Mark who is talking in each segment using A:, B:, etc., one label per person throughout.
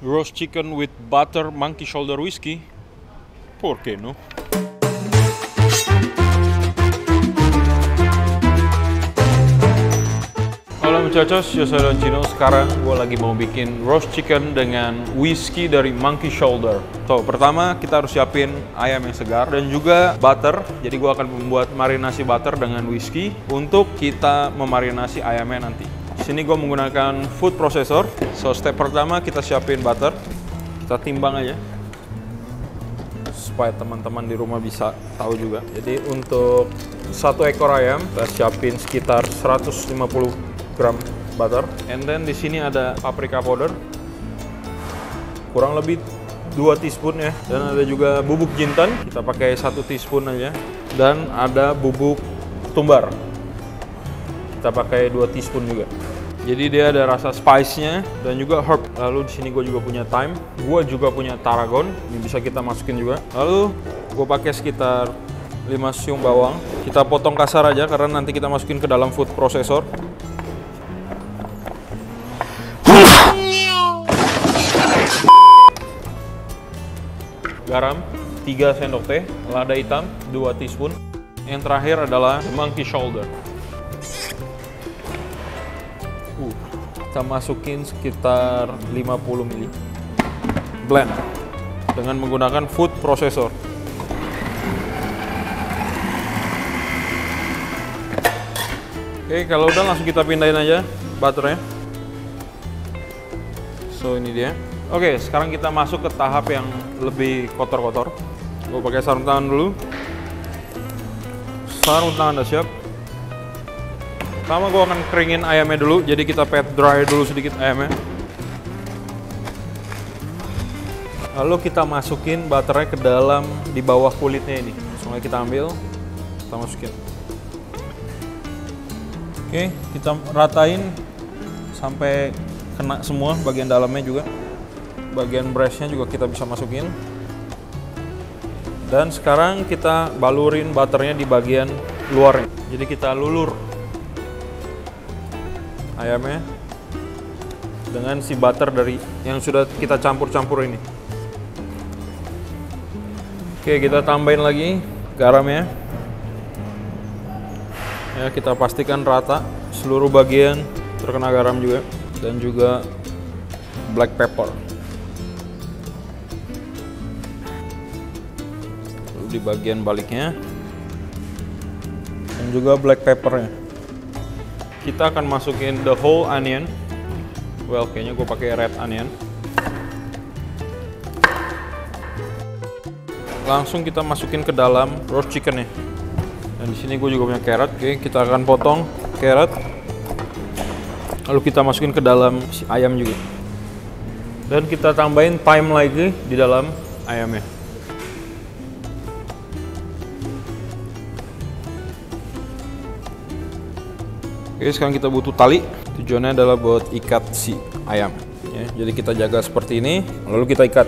A: roast chicken with butter monkey shoulder whiskey. ¿Por qué no? Halo muchachos, yo soy Don Chino. Sekarang gue lagi mau bikin roast chicken dengan whiskey dari monkey shoulder. So, pertama kita harus siapin ayam yang segar dan juga butter. Jadi gue akan membuat marinasi butter dengan whiskey untuk kita memarinasi ayamnya nanti sini gue menggunakan food processor. So step pertama kita siapin butter. Kita timbang aja. Supaya teman-teman di rumah bisa tahu juga. Jadi untuk satu ekor ayam kita siapin sekitar 150 gram butter. And then di sini ada paprika powder. Kurang lebih 2 teaspoon ya. Dan ada juga bubuk jintan, kita pakai satu teaspoon aja. Dan ada bubuk tumbar. Kita pakai 2 teaspoon juga. Jadi dia ada rasa spice-nya dan juga herb. Lalu di sini gue juga punya thyme. Gue juga punya tarragon. Ini bisa kita masukin juga. Lalu gue pakai sekitar 5 siung bawang. Kita potong kasar aja karena nanti kita masukin ke dalam food processor. Garam 3 sendok teh, lada hitam 2 teaspoon. Yang terakhir adalah monkey shoulder. kita masukin sekitar 50 ml blend dengan menggunakan food processor oke kalau udah langsung kita pindahin aja butternya so ini dia oke sekarang kita masuk ke tahap yang lebih kotor-kotor gue pakai sarung tangan dulu sarung tangan udah siap Pertama gue akan keringin ayamnya dulu, jadi kita pet dry dulu sedikit ayamnya. Lalu kita masukin butternya ke dalam di bawah kulitnya ini. Langsung kita ambil, kita masukin. Oke, kita ratain sampai kena semua bagian dalamnya juga. Bagian breastnya juga kita bisa masukin. Dan sekarang kita balurin butternya di bagian luarnya. Jadi kita lulur ayamnya dengan si butter dari yang sudah kita campur-campur ini. Oke, kita tambahin lagi garamnya. Ya, kita pastikan rata seluruh bagian terkena garam juga dan juga black pepper. Lalu di bagian baliknya dan juga black peppernya kita akan masukin the whole onion. Well, kayaknya gue pakai red onion. Langsung kita masukin ke dalam roast chicken nih. Dan di sini gue juga punya carrot. Oke, kita akan potong carrot. Lalu kita masukin ke dalam si ayam juga. Dan kita tambahin thyme lagi di dalam ayamnya. Oke, sekarang kita butuh tali. Tujuannya adalah buat ikat si ayam. Ya, jadi kita jaga seperti ini, lalu kita ikat.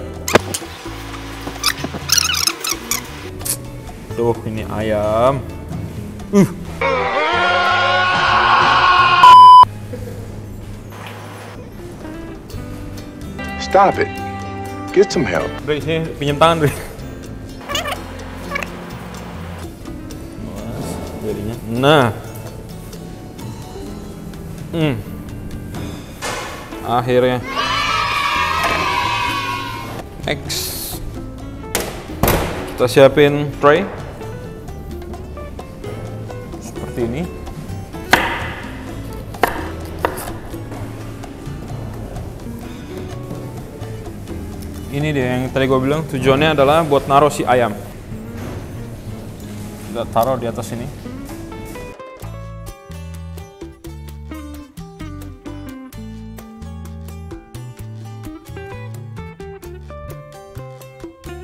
A: Tuh, ini ayam. Uh. Stop it. Get some help. Dari sini pinjam tangan, deh Nah, Hmm. Akhirnya. X. Kita siapin tray. Seperti ini. Ini dia yang tadi gue bilang tujuannya adalah buat naruh si ayam. Kita taruh di atas ini.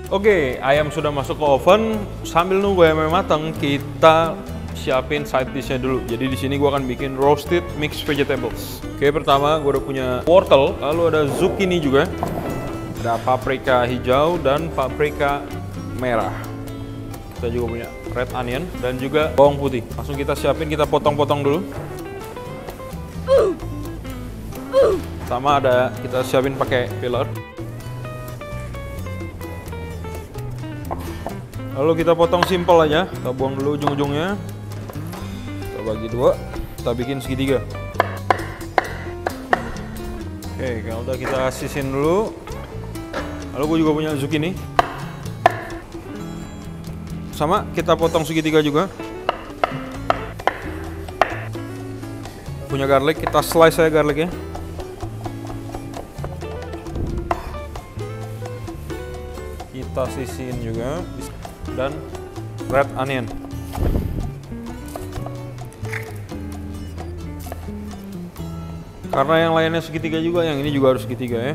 A: Oke, ayam sudah masuk ke oven. Sambil nunggu ayamnya matang, kita siapin side dishnya dulu. Jadi di sini gue akan bikin roasted mixed vegetables. Oke, pertama gue udah punya wortel, lalu ada zucchini juga, ada paprika hijau dan paprika merah. Kita juga punya red onion dan juga bawang putih. Langsung kita siapin, kita potong-potong dulu. Sama ada kita siapin pakai peeler. lalu kita potong simpel aja kita buang dulu ujung-ujungnya kita bagi dua kita bikin segitiga oke kalau udah kita sisin dulu lalu gue juga punya zucchini sama kita potong segitiga juga punya garlic kita slice aja garlicnya kita sisihin juga di dan red onion. Karena yang lainnya segitiga juga, yang ini juga harus segitiga ya.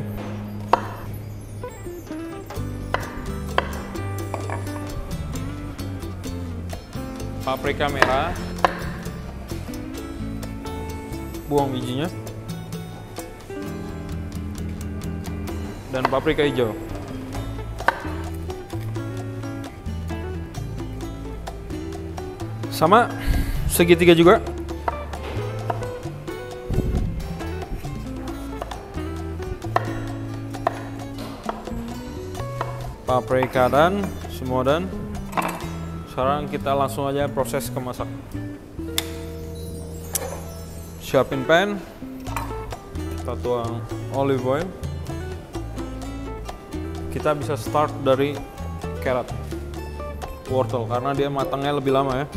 A: Paprika merah. Buang bijinya. Dan paprika hijau. sama segitiga juga paprika dan semua dan sekarang kita langsung aja proses kemasak siapin pan kita tuang olive oil kita bisa start dari carrot wortel karena dia matangnya lebih lama ya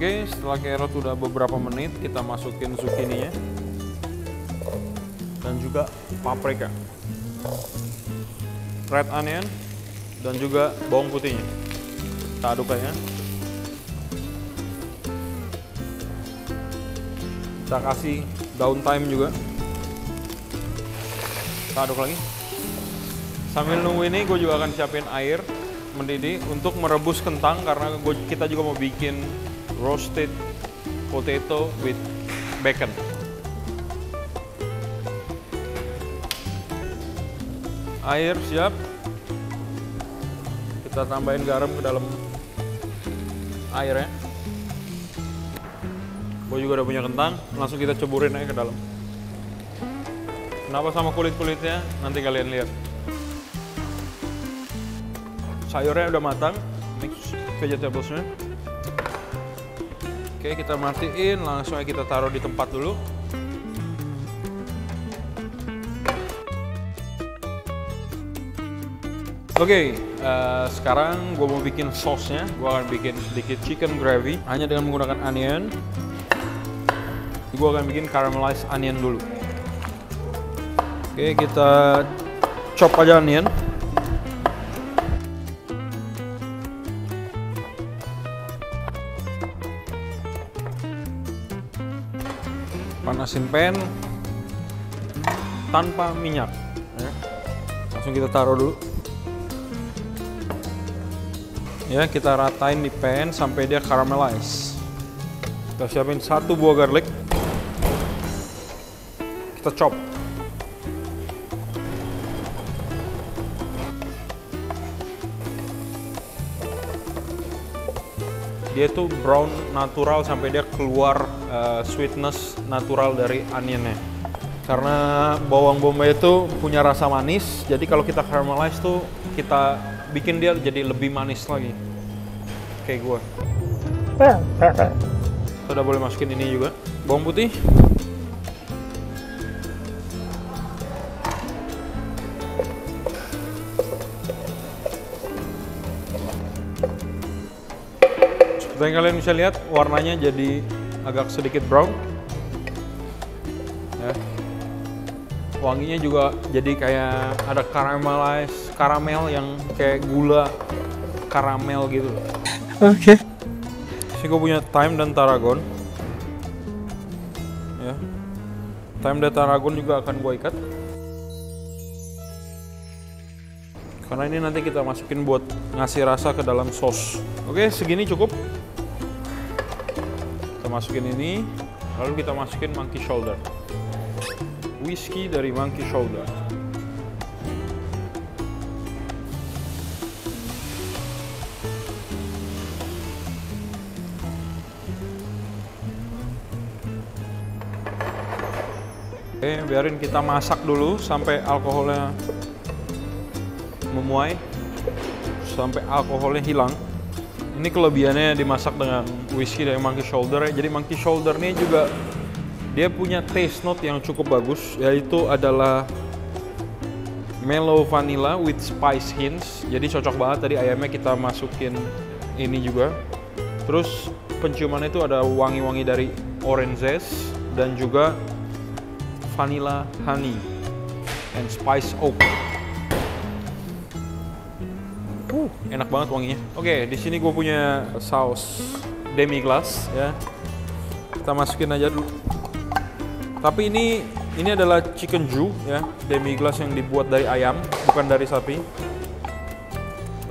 A: Oke, setelah carrot sudah beberapa menit, kita masukin zukininya dan juga paprika, red onion, dan juga bawang putihnya. Kita aduk aja. Kita kasih daun thyme juga. Kita aduk lagi. Sambil nunggu ini, gue juga akan siapin air mendidih untuk merebus kentang karena gue, kita juga mau bikin roasted potato with bacon. Air siap. Kita tambahin garam ke dalam airnya. Gue juga udah punya kentang, langsung kita ceburin aja ke dalam. Kenapa sama kulit-kulitnya? Nanti kalian lihat. Sayurnya udah matang, mix vegetablesnya. Oke, kita matiin langsung aja kita taruh di tempat dulu. Oke, okay, uh, eh, sekarang gue mau bikin sausnya. Gue akan bikin sedikit chicken gravy, hanya dengan menggunakan onion. Gue akan bikin caramelized onion dulu. Oke, okay, kita chop aja onion. asin pen tanpa minyak ya. langsung kita taruh dulu ya kita ratain di pan sampai dia caramelize kita siapin satu buah garlic kita chop dia tuh brown natural sampai dia keluar uh, sweetness natural dari onionnya karena bawang bombay itu punya rasa manis jadi kalau kita caramelize tuh kita bikin dia jadi lebih manis lagi kayak gue Sudah udah boleh masukin ini juga bawang putih Dan kalian bisa lihat warnanya jadi agak sedikit brown. Ya. Wanginya juga jadi kayak ada caramelized karamel yang kayak gula karamel gitu. Oke. Okay. Sih gue punya thyme dan tarragon. Ya. Thyme dan tarragon juga akan gue ikat. Karena ini nanti kita masukin buat ngasih rasa ke dalam sos. Oke, segini cukup masukin ini lalu kita masukin monkey shoulder whisky dari monkey shoulder Oke, biarin kita masak dulu sampai alkoholnya memuai, sampai alkoholnya hilang. Ini kelebihannya dimasak dengan whisky dari Monkey Shoulder ya. Jadi Monkey Shoulder ini juga dia punya taste note yang cukup bagus yaitu adalah mellow vanilla with spice hints. Jadi cocok banget tadi ayamnya kita masukin ini juga. Terus penciumannya itu ada wangi-wangi dari orange zest dan juga vanilla honey and spice oak. enak banget wanginya. Oke, okay, di sini gue punya saus demi glass ya. Kita masukin aja dulu. Tapi ini ini adalah chicken ju ya, demi glass yang dibuat dari ayam, bukan dari sapi.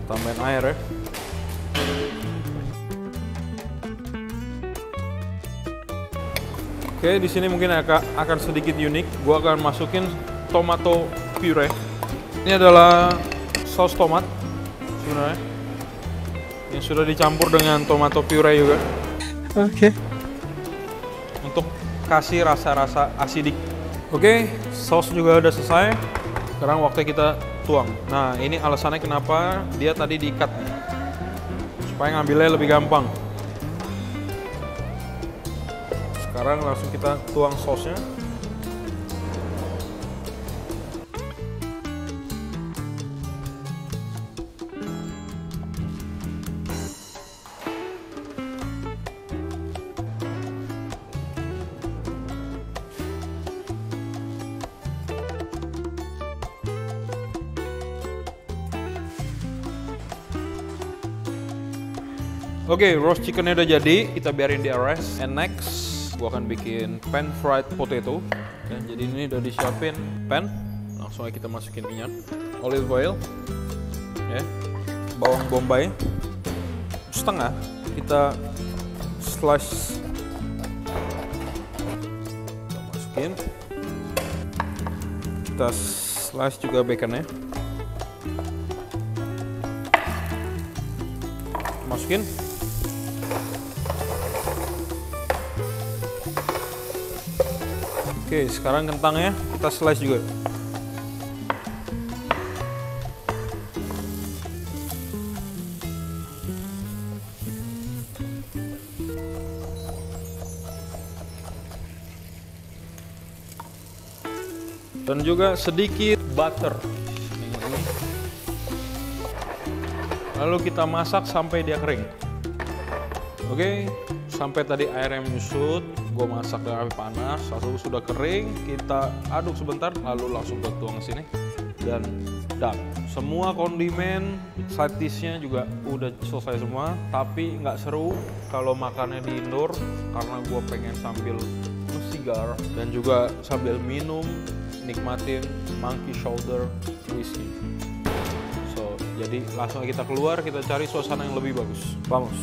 A: Tambahin air ya. Oke, di sini mungkin akan sedikit unik. Gue akan masukin tomato puree. Ini adalah saus tomat tuna eh. yang sudah dicampur dengan tomato puree juga. Oke. Okay. Untuk kasih rasa-rasa asidik. Oke, okay, saus juga udah selesai. Sekarang waktu kita tuang. Nah, ini alasannya kenapa dia tadi diikat.
B: Supaya ngambilnya lebih gampang.
A: Sekarang langsung kita tuang sausnya. Oke, okay, roast chickennya udah jadi, kita biarin di rest. And next, gua akan bikin pan fried potato. Dan jadi ini udah disiapin pan. Langsung aja kita masukin minyak, olive oil, ya, yeah. bawang bombay setengah. Kita slice. Kita masukin. Kita slice juga baconnya. masukin Oke, sekarang kentangnya kita slice juga. Dan juga sedikit butter. Lalu kita masak sampai dia kering. Oke, sampai tadi airnya menyusut, gue masak dengan api panas lalu sudah kering kita aduk sebentar lalu langsung gue tuang sini dan dan semua kondimen side dishnya juga udah selesai semua tapi nggak seru kalau makannya di indoor karena gue pengen sambil sigar dan juga sambil minum nikmatin monkey shoulder whiskey so jadi langsung kita keluar kita cari suasana yang lebih bagus vamos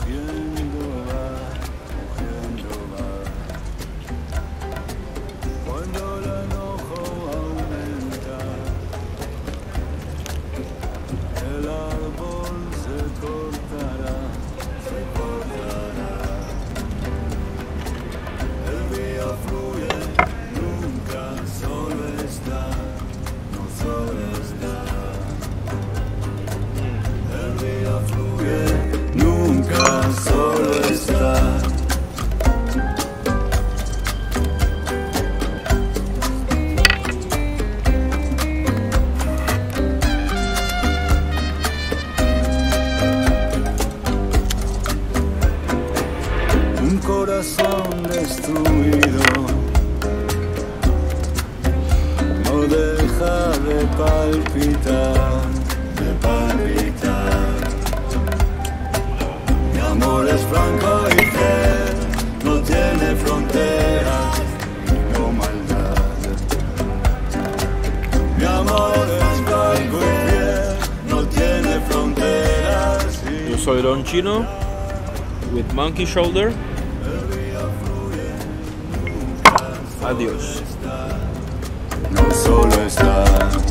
A: Yeah. cappuccino with monkey shoulder. Adios. No